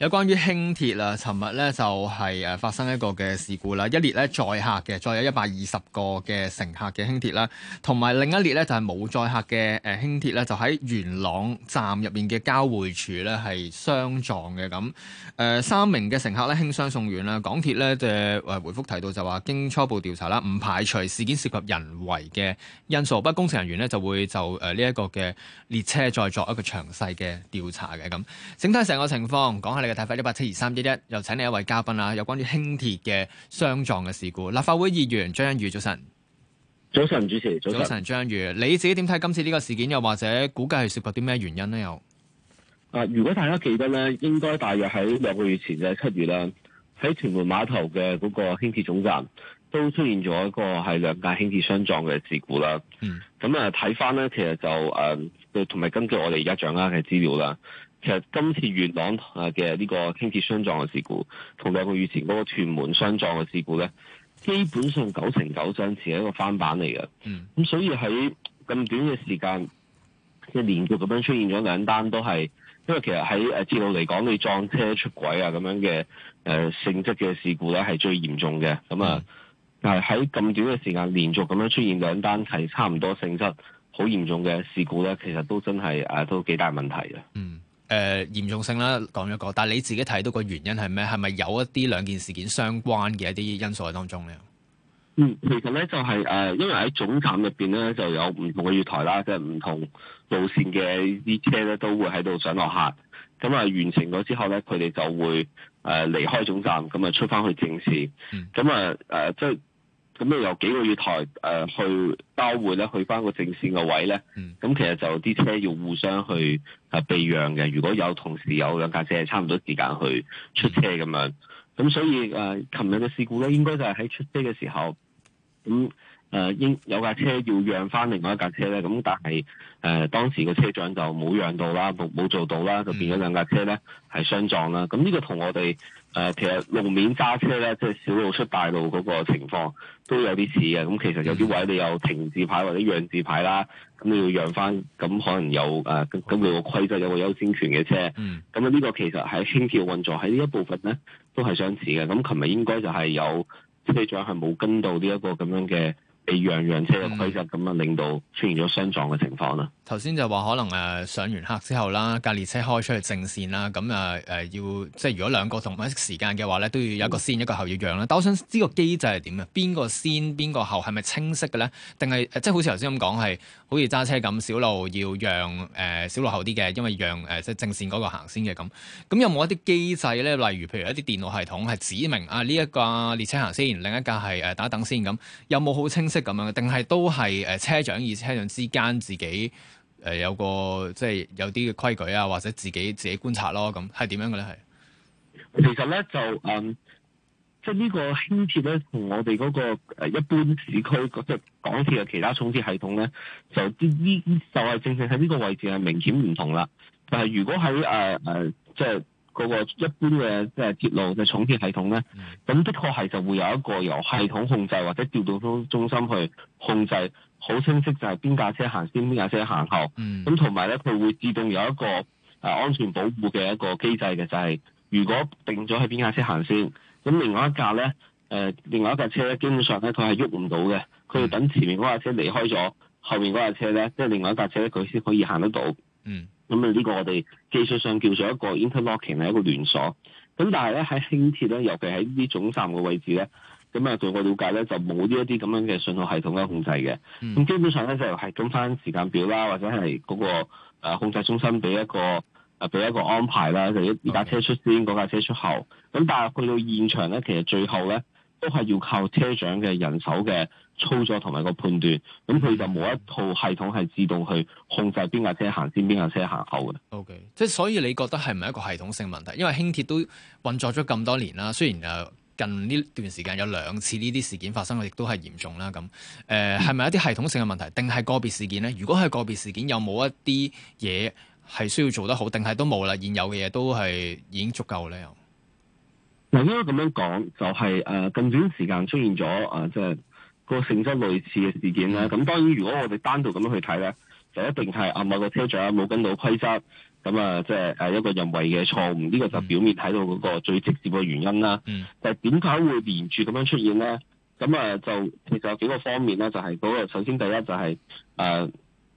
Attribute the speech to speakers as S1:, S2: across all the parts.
S1: 有關於輕鐵啦，尋日咧就係誒發生一個嘅事故啦，一列咧載客嘅，再有一百二十個嘅乘客嘅輕鐵啦，同埋另一列咧就係冇載客嘅誒輕鐵咧，就喺元朗站入面嘅交匯處咧係相撞嘅咁誒，三名嘅乘客咧輕傷送院啦。港鐵咧就誒回覆提到就話，經初步調查啦，唔排除事件涉及人為嘅因素，不過工程人員咧就會就誒呢一個嘅列車再作一個詳細嘅調查嘅咁。整體成個情況講下你。睇翻一八七二三一一，又請你一位嘉賓啦，有關於輕鐵嘅相撞嘅事故。立法會議員張欣宇，早晨，早晨主持，早晨張欣宇，你自己點睇今次呢個事件？又或者估計係涉及啲咩原因呢？又啊，如果大家記
S2: 得咧，應該大約喺兩個月前嘅，就是，七月啦，喺屯門碼頭嘅嗰個輕鐵總站都出現咗一個係兩架輕鐵相撞嘅事故啦。嗯，咁啊睇翻咧，其實就誒，同、呃、埋根據我哋而家掌握嘅資料啦。其實今次元朗嘅呢個輕鐵相撞嘅事故，同兩個月前嗰個屯門相撞嘅事故咧，基本上九成九相似是一個翻版嚟嘅。嗯，咁所以喺咁短嘅時間，即係連續咁樣出現咗兩單都係，因為其實喺誒字路嚟講，你撞車出軌啊咁樣嘅誒、呃、性質嘅事故咧係最嚴重嘅。咁啊，嗯、但係喺咁短嘅時間連續咁樣出現兩單係差唔多性質好嚴重嘅事故咧，其實都真係誒、啊、都幾大問題嘅。嗯。
S1: 誒嚴重性啦，講一講，但係你自己睇到個原因係咩？係咪有一啲兩件事件相關嘅一啲因素喺當中咧？嗯，
S2: 其實咧就係誒，因為喺總站入邊咧就有唔同嘅月台啦，即係唔同路線嘅啲車咧都會喺度上落客。咁啊完成咗之後咧，佢哋就會誒離開總站，咁啊出翻去正線。咁啊誒即係。咁你又幾個月台誒、呃、去包會咧，去翻個正線嘅位咧，咁、嗯、其實就啲車要互相去啊避讓嘅。如果有同時有兩架車係差唔多時間去出車咁樣，咁、嗯、所以誒，琴日嘅事故咧，應該就係喺出車嘅時候咁。嗯誒、呃、應有架車要讓翻另外一架車咧，咁但係誒、呃、當時個車長就冇讓到啦，冇冇做到啦，就變咗兩架車咧係相撞啦。咁呢個同我哋誒、呃、其實路面揸車咧，即係小路出大路嗰個情況都有啲似嘅。咁其實有啲位你有停字牌或者讓字牌啦，咁你要讓翻，咁可能有誒咁、呃、你個規則有個優先權嘅車。咁啊呢個其實係輕鐵運作喺呢一部分咧都係相似嘅。咁琴日應該就係有車長係冇跟到呢一個咁樣嘅。被樣樣車嘅規則咁啊，樣令到出現咗相撞嘅情況啦。
S1: 頭、嗯、先就話可能誒、呃、上完客之後啦，架列車開出去正線啦，咁誒誒要即係如果兩個同埋時，時間嘅話咧，都要有一個先一個後要讓啦、嗯。但我想知個機制係點嘅？邊個先邊個後係咪清晰嘅咧？定係即係好似頭先咁講係好似揸車咁，小路要讓誒、呃、小路後啲嘅，因為讓誒、呃、即係正線嗰個行先嘅咁。咁有冇一啲機制咧？例如譬如一啲電腦系統係指明啊呢一架列車行先，另一架係誒、呃、打等先咁，有冇好清？即咁樣，定係都係誒，車長與車長之間自己誒有個即係、就是、有啲嘅規矩啊，或者自己自己觀察咯，咁係點樣嘅咧？係其實咧就誒、嗯，即係呢個輕鐵咧，
S2: 同我哋嗰個誒一般市區即係港鐵嘅其他重鐵系統咧，就啲呢就係正正喺呢個位置係明顯唔同啦。但係如果喺誒誒，即係。嗰個一般嘅即係鐵路嘅重鐵系統呢，咁的確係就會有一個由系統控制或者調度中心去控制，好清晰就係邊架車行先，邊架車行後。咁同埋呢，佢會自動有一個誒安全保護嘅一個機制嘅，就係如果定咗喺邊架車行先，咁另外一架呢，誒另外一架車咧，基本上呢，佢係喐唔到嘅，佢要等前面嗰架車離開咗，後面嗰架車呢，即係另外一架車咧，佢先可以行得到。嗯。咁啊，呢個我哋技術上叫做一個 interlocking，係一個連鎖。咁但係咧，喺輕鐵咧，尤其喺呢啲總站嘅位置咧，咁啊，據我了解咧，就冇呢一啲咁樣嘅信號系統嘅控制嘅。咁、嗯、基本上咧就係咁翻時間表啦，或者係嗰、嗰個、啊、控制中心俾一個啊俾一個安排啦，就依架車出先，嗰、okay. 架車出後。咁但係去到現場咧，其實最後咧。都係要靠車長嘅人手嘅操作同埋個判斷，咁佢就冇一套系統係自動去控制邊架車行先，邊架車行後嘅。
S1: OK，即係所以你覺得係咪一個系統性問題？因為輕鐵都運作咗咁多年啦，雖然誒近呢段時間有兩次呢啲事件發生，亦都係嚴重啦。咁誒係咪一啲系統性嘅問題，定係個別事件呢？如果係個別事件，有冇一啲嘢係需要做得好，定係都冇啦？現有嘅嘢都係已經足夠呢？
S2: 我應該咁樣講，就係、是、誒、呃、近段時間出現咗啊，即、呃、係、就是那個性質類似嘅事件咧。咁、嗯、當然，如果我哋單獨咁樣去睇咧，就一定係啊某個車長冇跟到規則，咁啊即係一個人為嘅錯誤。呢、這個就表面睇到嗰個最直接嘅原因啦。嗯。但點解會連住咁樣出現咧？咁啊、呃，就其實有幾個方面咧，就係嗰個首先第一就係誒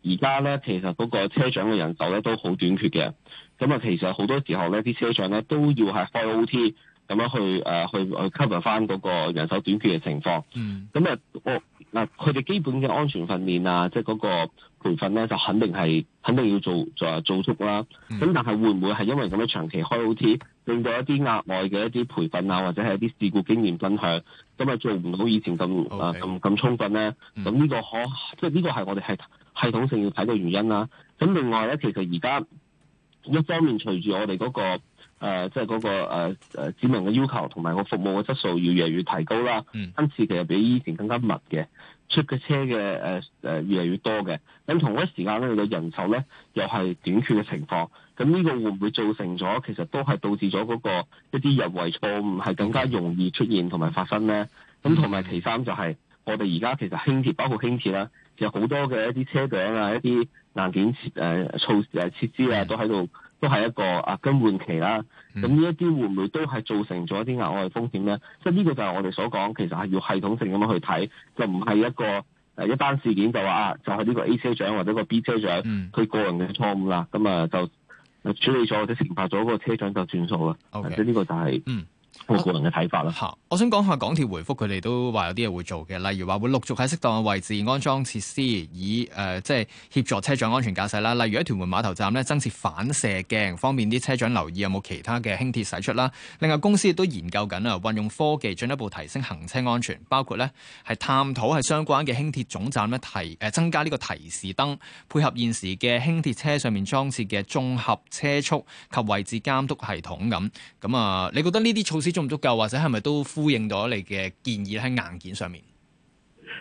S2: 而家咧，其實嗰個車長嘅人手咧都好短缺嘅。咁啊，其實好多時候咧，啲車長咧都要係開 OT。咁樣去誒、呃、去去 cover 翻嗰個人手短缺嘅情況，咁誒我嗱佢哋基本嘅安全訓練啊，即係嗰個培訓咧，就肯定係肯定要做做做足啦。咁、嗯、但係會唔會係因為咁樣長期開 OT，令到一啲額外嘅一啲培訓啊，或者係一啲事故經驗分享，咁啊做唔到以前咁啊咁咁充分咧？咁、okay, 呃、呢、嗯、個可即係呢個係我哋系統性要睇嘅原因啦。咁另外咧，其實而家。一方面隨住我哋嗰、那個誒，即係嗰個誒、呃呃、指明嘅要求同埋個服務嘅質素要越嚟越提高啦。今、嗯、次其實比以前更加密嘅，出嘅車嘅、呃、越嚟越多嘅。咁同一時間咧，佢嘅人手咧又係短缺嘅情況。咁呢個會唔會造成咗其實都係導致咗嗰個一啲人為錯誤係更加容易出現同埋發生咧？咁同埋其三就係我哋而家其實輕鐵包括輕鐵啦。有好多嘅一啲車頂啊，一啲硬件設誒、呃、措誒設施啊，都喺度，都係一個啊更換期啦、啊。咁呢一啲會唔會都係造成咗一啲額外風險咧？即係呢個就係我哋所講，其實係要系統性咁樣去睇，就唔係一個誒、嗯啊、一單事件就話啊，就係、是、呢個 A 車長或者個 B 車長佢、嗯、個人嘅錯誤啦。咁、嗯、啊就處理咗或者懲罰咗個車長就轉數啦。即係呢個就係、是。嗯個人嘅睇法啦。嚇，
S1: 我想講下港鐵回覆，佢哋都話有啲嘢會做嘅，例如話會陸續喺適當嘅位置安裝設施，以誒即係協助車長安全駕駛啦。例如喺屯門碼頭站呢，增設反射鏡，方便啲車長留意有冇其他嘅輕鐵駛出啦。另外公司亦都研究緊啊，運用科技進一步提升行車安全，包括呢係探討係相關嘅輕鐵總站呢提誒、呃、增加呢個提示燈，配合現時嘅輕鐵車上面裝設嘅綜合車速及位置監督系統咁。咁啊，你覺得呢啲措？啲足唔足夠，或者係咪都呼應到你嘅建議喺硬件上面？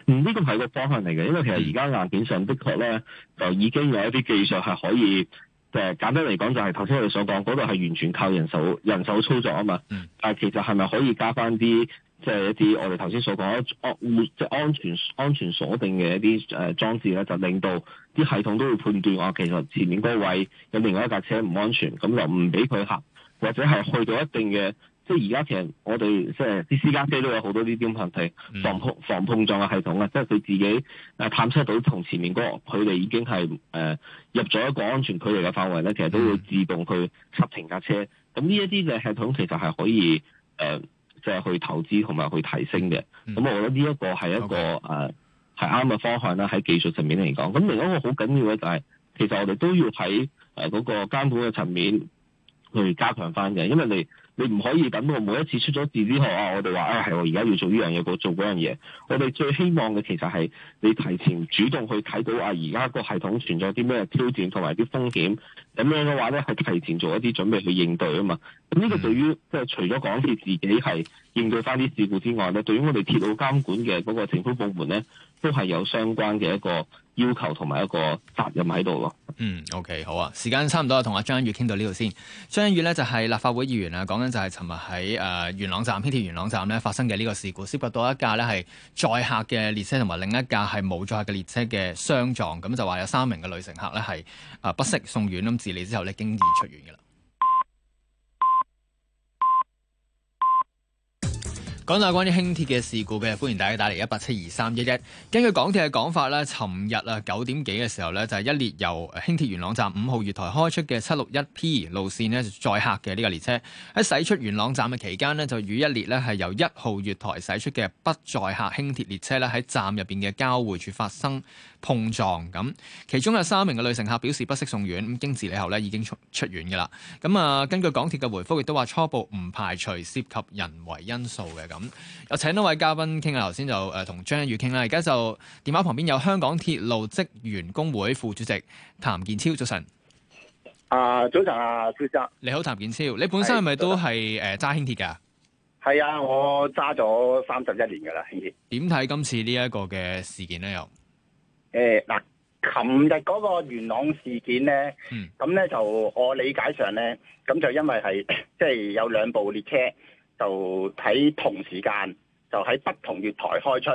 S2: 嗯，呢個係個方向嚟嘅，因為其實而家硬件上的確咧，就已經有一啲技術係可以，係、就係、簡單嚟講就係頭先我哋所講嗰度係完全靠人手人手操作啊嘛。嗯、但係其實係咪可以加翻啲，即係一啲我哋頭先所講安即係安全安全鎖定嘅一啲誒裝置咧，就令到啲系統都會判斷話、哦、其實前面嗰位置有另外一架車唔安全，咁就唔俾佢行，或者係去到一定嘅。即係而家其實我哋即係啲私家車都有好多呢啲問題，防碰防碰撞嘅系統啊、嗯，即係佢自己探測到同前面個距離已經係誒、呃、入咗一個安全距離嘅範圍咧，其實都會自動去剎停架車。咁呢一啲嘅系統其實係可以誒、呃，即係去投資同埋去提升嘅。咁、嗯、我覺得呢一個係一個誒係啱嘅方向啦，喺技術上面嚟講。咁另一個好緊要嘅就係、是，其實我哋都要喺誒嗰個監管嘅層面去加強翻嘅，因為你。你唔可以等到每一次出咗事之後啊，我哋話啊，係我而家要做呢樣嘢，我做嗰樣嘢。我哋最希望嘅其實係你提前主動去睇到啊，而家個系統存在啲咩挑戰同埋啲風險，咁樣嘅話咧，係提前做一啲準備去應對啊嘛。咁呢個對於即係、就是、除咗講自己係應對返啲事故之外咧，對於我哋鐵
S1: 路監管嘅嗰個政府部門咧，都係有相關嘅一個。要求同埋一個責任喺度咯。嗯，OK，好啊。時間差唔多，同阿張欣宇傾到呢度先。張欣宇呢就係、是、立法會議員啊，講緊就係尋日喺誒元朗站輕鐵元朗站呢發生嘅呢個事故，涉及到一架呢係載客嘅列車同埋另一架係冇載客嘅列車嘅相撞。咁就話有三名嘅女乘客呢係、呃、不適送院咁，治理之後呢經已出院嘅啦。講下關於輕鐵嘅事故嘅，歡迎大家打嚟一八七二三一一。根據港鐵嘅講法咧，尋日啊九點幾嘅時候咧，就係一列由輕鐵元朗站五號月台開出嘅七六一 P 路線咧載客嘅呢個列車喺駛出元朗站嘅期間咧，就與一列咧係由一號月台駛出嘅不載客輕鐵列車咧喺站入邊嘅交匯處發生碰撞咁。其中有三名嘅女乘客表示不適送院，咁經治理後咧已經出出院嘅啦。咁啊，根據港鐵嘅回覆亦都話初步唔排除涉及人為因素嘅。咁，有請多位嘉賓傾下。頭先就誒同張欣宇傾啦。而家就電話旁邊有香港鐵路職員工會副主席譚建釗，早晨。啊，早晨啊，先生。你好，譚建釗。你本身係咪都係誒揸輕鐵㗎？係啊，
S3: 我揸咗三
S1: 十一年㗎喇輕鐵。點睇今次呢一個嘅事件咧？又誒嗱，琴日
S3: 嗰個元朗事件咧，咁、嗯、咧就我理解上咧，咁就因為係即係有兩部列車。就喺同時間，就喺不同月台開出，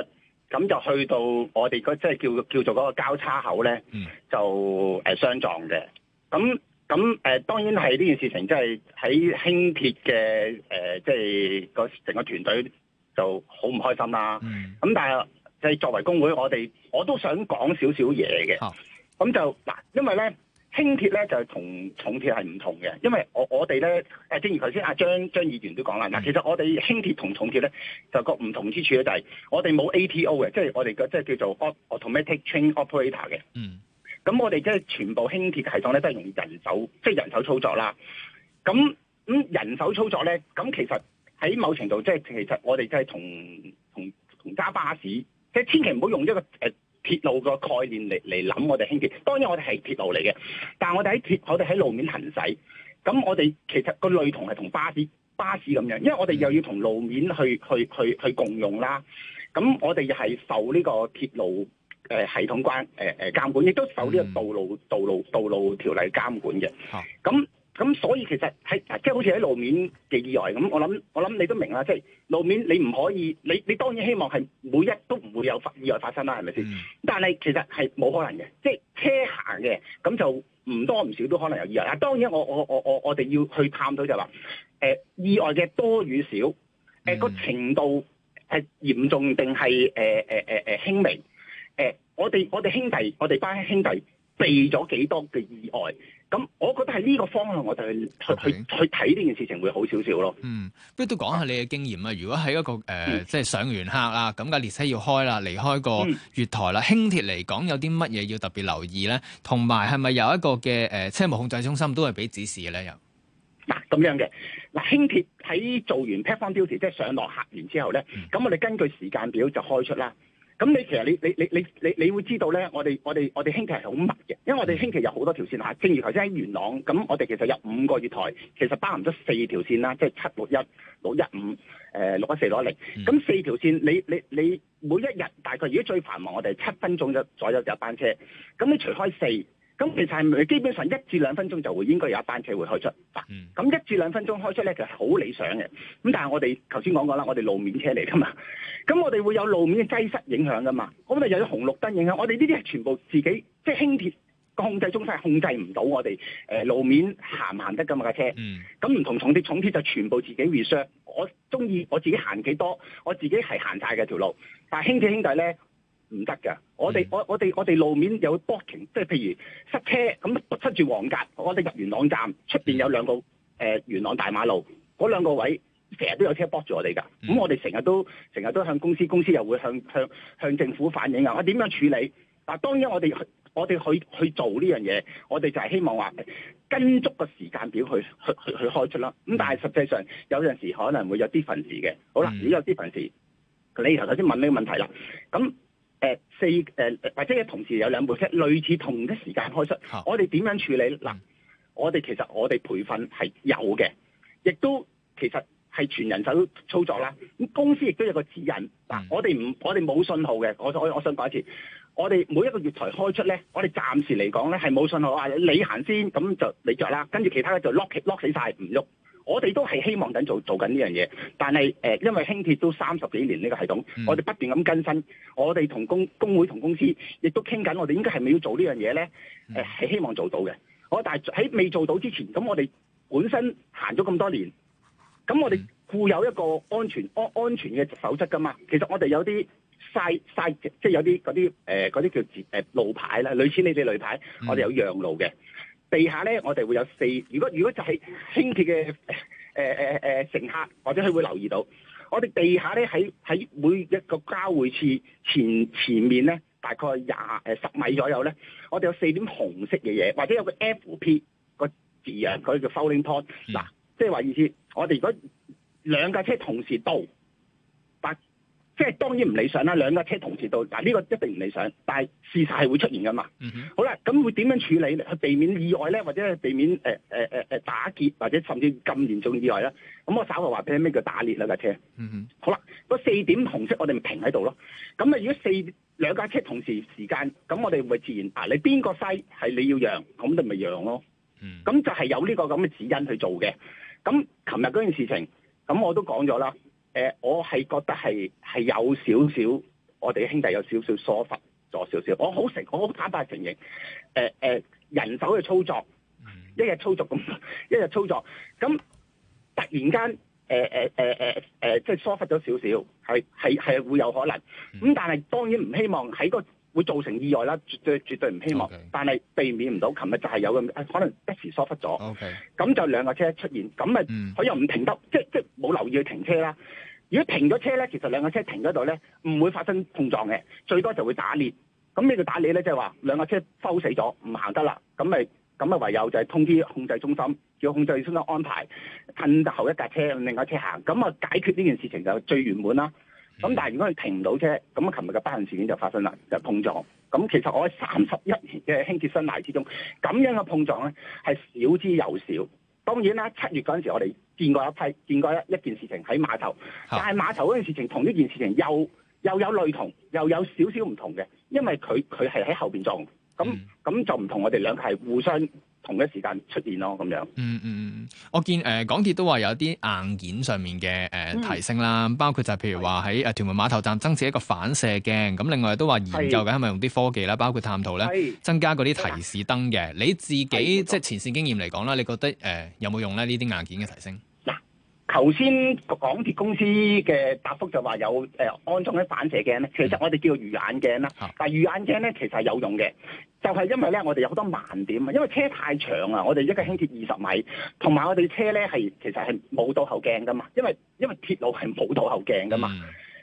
S3: 咁就去到我哋嗰即係叫叫做嗰個交叉口咧，mm. 就誒相、呃、撞嘅。咁咁誒當然係呢件事情，即係喺輕鐵嘅誒，即係個成個團隊就好唔開心啦。咁、mm. 但係即係作為工會，我哋我都想講少少嘢嘅。咁、oh. 就嗱，因為咧。輕鐵咧就係同重鐵係唔同嘅，因為我我哋咧誒，正如頭先阿張張議員都講啦，嗱，其實我哋輕鐵同重鐵咧就個唔同之處咧就係我哋冇 ATO 嘅，即係我哋即係叫做 Automatic Train Operator 嘅。嗯。咁我哋即係全部輕鐵嘅系統咧都係用人手，即係人手操作啦。咁咁人手操作咧，咁其實喺某程度即係其實我哋即係同同同揸巴士，即係千祈唔好用一個誒。呃鐵路個概念嚟嚟諗，我哋興建當然我哋係鐵路嚟嘅，但係我哋喺鐵，我哋喺路面行駛，咁我哋其實個類同係同巴士巴士咁樣，因為我哋又要同路面去去去去共用啦，咁我哋又係受呢個鐵路誒、呃、系統關誒誒、呃、監管，亦都受呢個道路、嗯、道路道路條例監管嘅，咁。啊咁所以其實係即係好似喺路面嘅意外咁，我諗我諗你都明啦，即係路面你唔可以，你你當然希望係每一日都唔會有發意外發生啦，係咪先？嗯、但係其實係冇可能嘅，即係車行嘅咁就唔多唔少都可能有意外。嗱，當然我我我我我哋要去探討就話，誒、呃、意外嘅多與少，誒、呃、個程度係嚴重定係誒誒誒誒輕微？誒、呃、我哋我哋兄弟，我哋班兄弟。避咗幾多嘅意外，咁我覺得喺呢個方向我就去、okay. 去去睇呢件事情會好少少咯。嗯，
S1: 不如都講下你嘅經驗啊。如果喺一個即係、呃嗯、上完客啦，咁架列車要開啦，離開個月台啦、嗯，輕鐵嚟講有啲乜嘢要特別留意咧？同埋係咪有一個嘅誒車務控制中心都係俾指示嘅咧？又
S3: 嗱咁樣嘅嗱，輕鐵喺做完 platform duty 即係上落客完之後咧，咁、嗯、我哋根據時間表就開出啦。咁你其實你你你你你你會知道咧，我哋我哋我哋輕鐵係好密嘅，因為我哋輕鐵有好多條線吓，正如頭先喺元朗，咁我哋其實有五個月台，其實包含咗四條線啦，即係七六一、六一五、呃、六一四、六一零。咁四條線，你你你，你每一日大概如果最繁忙，我哋七分鐘一左右就有班車。咁你除開四。咁其實係基本上一至兩分鐘就會應該有一班車會開出，嗱，咁一至兩分鐘開出咧，其實好理想嘅。咁但係我哋頭先講過啦，我哋路面車嚟噶嘛，咁我哋會有路面嘅擠塞影響噶嘛，咁就又有紅綠燈影響。我哋呢啲係全部自己，即係輕鐵個控制中心係控制唔到我哋路面行唔行得噶嘛架車。咁唔同重鐵，重鐵就全部自己 research。我中意我自己行幾多，我自己係行晒嘅條路。但係輕鐵兄弟咧。唔得㗎。我哋、嗯、我我哋我哋路面有 blocking，即係譬如塞車咁、嗯、塞住黃格，我哋入元朗站，出面有兩個誒、呃、元朗大馬路，嗰兩個位成日都有車 block 住我哋㗎，咁、嗯嗯、我哋成日都成日都向公司，公司又會向向向政府反映啊，我點樣處理？嗱，當然我哋我哋去我去做呢樣嘢，我哋就係希望話跟足個時間表去去去開出啦。咁但係實際上有陣時可能會有啲分歧嘅。好啦，如果有啲分歧，你頭先問呢個問題啦，咁。誒、呃，四誒或者同時有兩部車，類似同一時間開出、啊，我哋點樣處理咧？嗱，我哋其實我哋培訓係有嘅，亦都其實係全人手操作啦。咁公司亦都有個指引，嗱、嗯，我哋唔我哋冇信號嘅，我我我想講一次，我哋每一個月台開出咧，我哋暫時嚟講咧係冇信號，啊你行先，咁就你着啦，跟住其他咧就 lock lock 死晒唔喐。我哋都係希望緊做做緊呢樣嘢，但係、呃、因為輕鐵都三十幾年呢個系統，嗯、我哋不斷咁更新，我哋同工工會同公司亦都傾緊，我哋應該係咪要做呢樣嘢咧？係、嗯呃、希望做到嘅，我但係喺未做到之前，咁我哋本身行咗咁多年，咁我哋固有一個安全安、啊、安全嘅守則噶嘛。其實我哋有啲晒，曬即係有啲嗰啲嗰啲叫路牌啦，類似你哋路牌，嗯、我哋有讓路嘅。地下咧，我哋會有四。如果如果就係輕鐵嘅誒誒誒乘客，或者佢會留意到，我哋地下咧喺喺每一個交匯處前前面咧，大概廿誒十米左右咧，我哋有四點紅色嘅嘢，或者有個 F P 個字樣，佢、那個、叫 following point 嗱，即係話意思，我哋如果兩架車同時到，八。即係當然唔理想啦，兩架車同時到，嗱、啊、呢、呢個一定唔理想，但係事實係會出現噶嘛。Mm -hmm. 好啦，咁會點樣處理去避免意外咧，或者避免誒、呃呃、打劫，或者甚至咁嚴重意外咧？咁我稍後話俾你咩叫打裂兩架車。Mm -hmm. 好啦，嗰四點紅色我哋咪停喺度咯。咁啊，如果四兩架車同時時間，咁我哋咪自然啊，你邊個西係你要讓，咁就咪讓咯。咁、mm -hmm. 就係有呢個咁嘅指引去做嘅。咁琴日嗰件事情，咁我都講咗啦。誒、呃，我係覺得係係有少少，我哋嘅兄弟有少少疏忽咗少少。我好承，我好坦白承認。誒、呃、誒、呃，人手嘅操作，一日操作咁，一日操作，咁突然間，誒誒誒誒誒，即係疏忽咗少少，係係係會有可能。咁但係當然唔希望喺、嗰個，會造成意外啦，絕對絕對唔希望，okay. 但係避免唔到。琴日就係有咁，可能一時疏忽咗，咁、okay. 就兩架車出現，咁啊佢又唔停得，嗯、即即冇留意去停車啦。如果停咗車咧，其實兩架車停咗度咧，唔會發生碰撞嘅，最多就會打裂。咁呢個打裂咧，就話、係、兩架車收死咗，唔行得啦。咁咪咁咪唯有就係通知控制中心，叫控制中心安排褪後一架車，另一架車行，咁啊解決呢件事情就最圓滿啦。咁但係如果佢停唔到車，咁啊，琴日嘅不幸事件就發生啦，就、碰撞。咁其實我喺三十一年嘅輕鐵生涯之中，咁樣嘅碰撞咧係少之又少。當然啦，七月嗰陣時我哋見過一批，見過一一件事情喺碼頭，但係碼頭嗰件事情同呢件事情又又有類同，又有少少唔同嘅，因為佢佢係喺後面撞，咁咁、嗯、就唔同我哋兩個係互相。同一時間出現咯，咁樣。
S1: 嗯嗯嗯，我見誒港鐵都話有啲硬件上面嘅、呃嗯、提升啦，包括就係譬如話喺屯門碼頭站增設一個反射鏡，咁另外都話研究緊係咪用啲科技啦，包括探討咧，增加嗰啲提示燈嘅。你自己即係前線經驗嚟講啦，你覺得誒、呃、有冇用咧呢啲硬件嘅提升？
S3: 頭先港鐵公司嘅答覆就話有誒安裝啲反射鏡咧、嗯，其實我哋叫做魚眼鏡啦、啊。但係魚眼鏡咧其實係有用嘅，就係、係、因為咧我哋有好多盲點啊，因為車太長啊，我哋一個輕鐵二十米，同埋我哋車咧係其實係冇倒後鏡噶嘛，因為因為鐵路係冇倒後鏡噶嘛。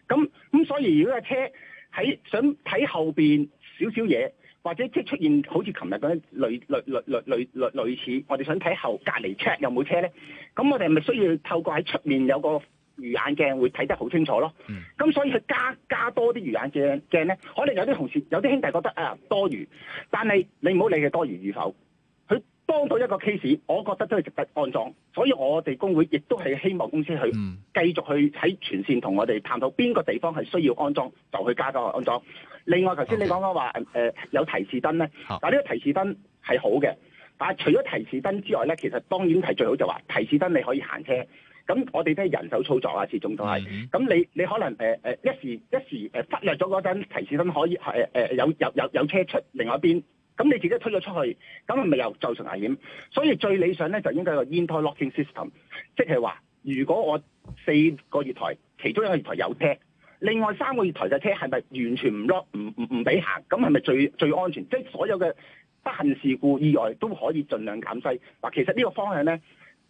S3: 咁、嗯、咁所以如果個車喺想睇後邊少少嘢。或者即係出現好似琴日嗰啲類類類類類，類似，我哋想睇後隔離 check 有冇車咧，咁我哋咪需要透過喺出面有個魚眼鏡會睇得好清楚咯？咁所以佢加加多啲魚眼鏡鏡咧，可能有啲同事有啲兄弟覺得啊、呃、多餘，但係你唔好理佢多餘與否，佢幫到一個 case，我覺得都係值得安裝。所以我哋工會亦都係希望公司去繼續去喺全線同我哋探討邊個地方係需要安裝就去加個安裝。另外頭先你講講話、okay. 呃、有提示燈咧，okay. 但呢個提示燈係好嘅，但除咗提示燈之外咧，其實當然係最好就話提示燈你可以行車，咁我哋都係人手操作啊，始終都係。咁你你可能、呃、一時一時誒忽略咗嗰陣提示燈可以、呃、有有有有車出另外一邊，咁你自己推咗出去，咁係咪又造成危險？所以最理想咧就應該有 interlocking system，即係話如果我四個月台其中一個月台有車。另外三個月台嘅車係咪完全唔落唔唔唔俾行？咁係咪最最安全？即係所有嘅不幸事故意外都可以盡量減細。話其實呢個方向咧，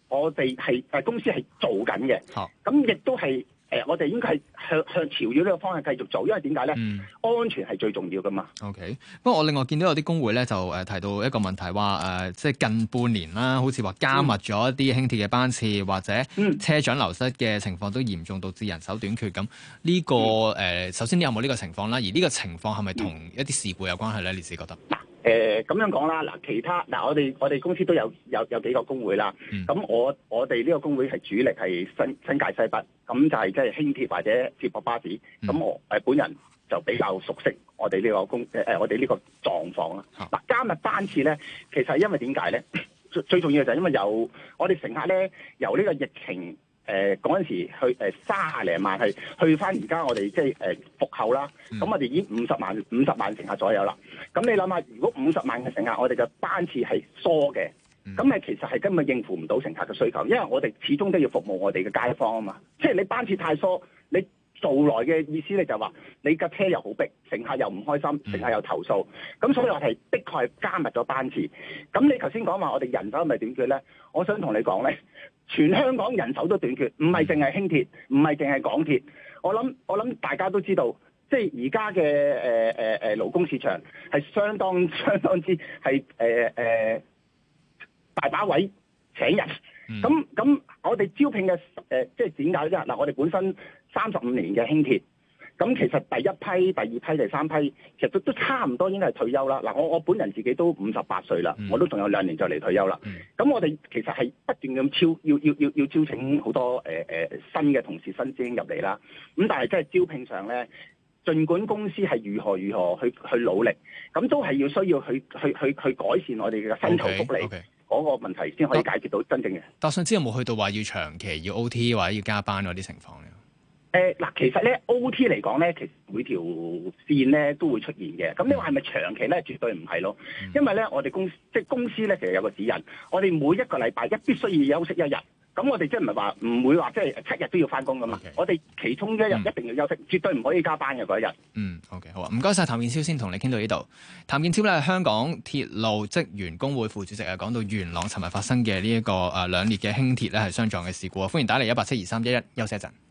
S3: 我哋係誒公司係做緊嘅。好，咁亦都係。呃、我哋應該係向向朝住呢個方向繼續做，因為點解咧？安全係最重要噶嘛。OK，不
S1: 過我另外見到有啲工會咧，就誒、呃、提到一個問題，話誒、呃、即係近半年啦，好似話加密咗一啲輕鐵嘅班次、嗯，或者車長流失嘅情況都嚴重導致人手短缺咁。呢、呢個誒、呃，首先你有冇呢個情況啦？而呢個情況係咪同一啲事故有關係咧？你自己覺得？嗯
S3: 誒、呃、咁樣講啦，嗱，其他嗱、呃，我哋我哋公司都有有有幾個工會啦。咁、嗯、我我哋呢個工會係主力係新新界西北，咁就係即係輕鐵或者接駁巴士。咁、嗯、我、呃、本人就比較熟悉我哋呢個工、呃、我哋呢個狀況啦。嗱，今日單次咧，其實係因為點解咧？最最重要就係因為由我哋乘客咧，由呢個疫情。誒嗰陣時去誒、呃、三廿零萬去，去翻而家我哋即係誒復後啦。咁、嗯、我哋已經五十萬五十萬乘客左右啦。咁你諗下，如果五十萬嘅乘客，我哋嘅班次係疏嘅，咁、嗯、其實係根本應付唔到乘客嘅需求，因為我哋始終都要服務我哋嘅街坊啊嘛。即係你班次太疏，你做來嘅意思咧就話你架車又好逼，乘客又唔開心、嗯，乘客又投訴。咁所以我哋的確係加密咗班次。咁你頭先講話我哋人手係咪點算咧？我想同你講咧。全香港人手都短缺，唔係淨係輕鐵，唔係淨係港鐵。我諗我諗大家都知道，即係而家嘅誒誒誒、勞工市場係相當相當之係誒、呃呃、大把位請人。咁、嗯、咁我哋招聘嘅、呃、即係點解咧？嗱，我哋本身三十五年嘅輕鐵。咁其實第一批、第二批、第三批，其實都都差唔多應該係退休啦。嗱，我我本人自己都五十八歲啦、嗯，我都仲有兩年就嚟退休啦。咁、嗯、我哋其實係不斷咁招，要要要要招請好多誒誒、呃、新嘅同事、新師兄入嚟啦。咁但係即係招聘上咧，儘管公司係如何如何去去努力，咁都係要需要去去去去改善我哋嘅薪酬福利嗰、okay, okay. 個問題先可以解決到真正嘅。
S1: 但係上邊有冇去到話要長期要 OT 或者要加班嗰啲情況咧？
S3: 誒、呃、嗱，其實咧 OT 嚟講咧，其實每條線咧都會出現嘅。咁你話係咪長期咧？絕對唔係咯，因為咧我哋公、公司，即係公司咧其實有個指引，我哋每一個禮拜一必須要休息一日。咁我哋即係唔係話唔會話即係七日都要翻工噶嘛？Okay. 我哋其中一日一定要休息，嗯、絕對唔可以加班嘅嗰一
S1: 日。嗯，OK，好啊，唔該晒，譚建釗先同你傾到呢度。譚建釗咧香港鐵路職員工會副主席啊，講到元朗尋日發生嘅呢一個誒兩列嘅輕鐵咧係相撞嘅事故啊，歡迎打嚟一八七二三一一休息一陣。